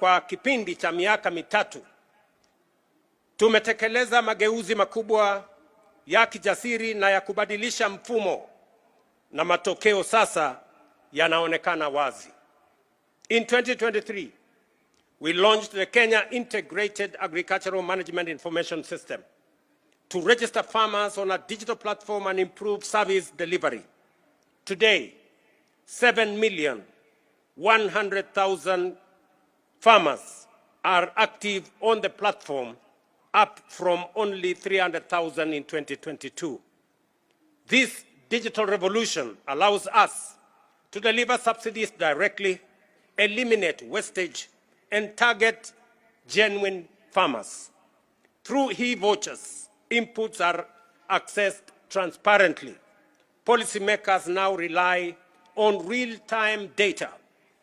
kwa kipindi cha miaka mitatu tumetekeleza mageuzi makubwa ya kijasiri na ya kubadilisha mfumo, na matokeo sasa yanaonekana wazi. In 2023, we launched the Kenya Integrated Agricultural Management Information System to register farmers on a digital platform and improve service delivery. Today, 100,000 farmers are active on the platform, up from only 300,000 in 2022. This digital revolution allows us to deliver subsidies directly, eliminate wastage, and target genuine farmers. Through he vouchers inputs are accessed transparently. Policymakers now rely on real-time data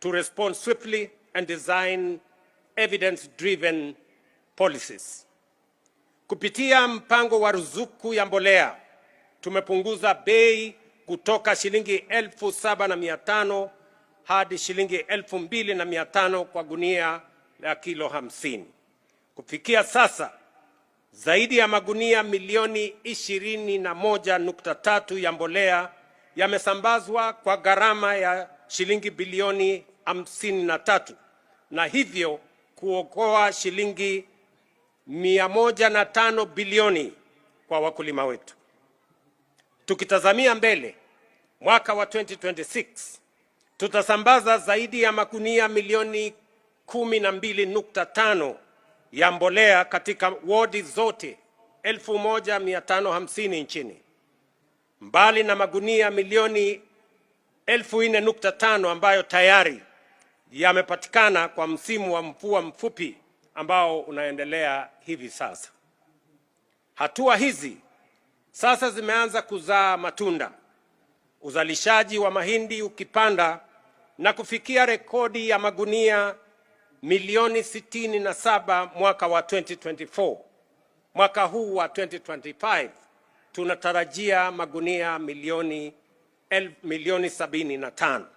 to respond swiftly and design evidence-driven policies. Kupitia mpango wa ruzuku ya mbolea tumepunguza bei kutoka shilingi elfu saba na mia tano hadi shilingi elfu mbili na mia tano kwa gunia la kilo hamsini. Kufikia sasa zaidi ya magunia milioni ishirini na moja nukta tatu ya mbolea yamesambazwa kwa gharama ya shilingi bilioni hamsini na tatu na hivyo kuokoa shilingi 105 bilioni kwa wakulima wetu. Tukitazamia mbele mwaka wa 2026 tutasambaza zaidi ya magunia milioni 12.5 ya mbolea katika wodi zote 1550 nchini, mbali na magunia milioni 14.5 ambayo tayari yamepatikana kwa msimu wa mvua mfupi ambao unaendelea hivi sasa. Hatua hizi sasa zimeanza kuzaa matunda, uzalishaji wa mahindi ukipanda na kufikia rekodi ya magunia milioni sitini na saba mwaka wa 2024. Mwaka huu wa 2025 tunatarajia magunia milioni, el, milioni sabini na tano.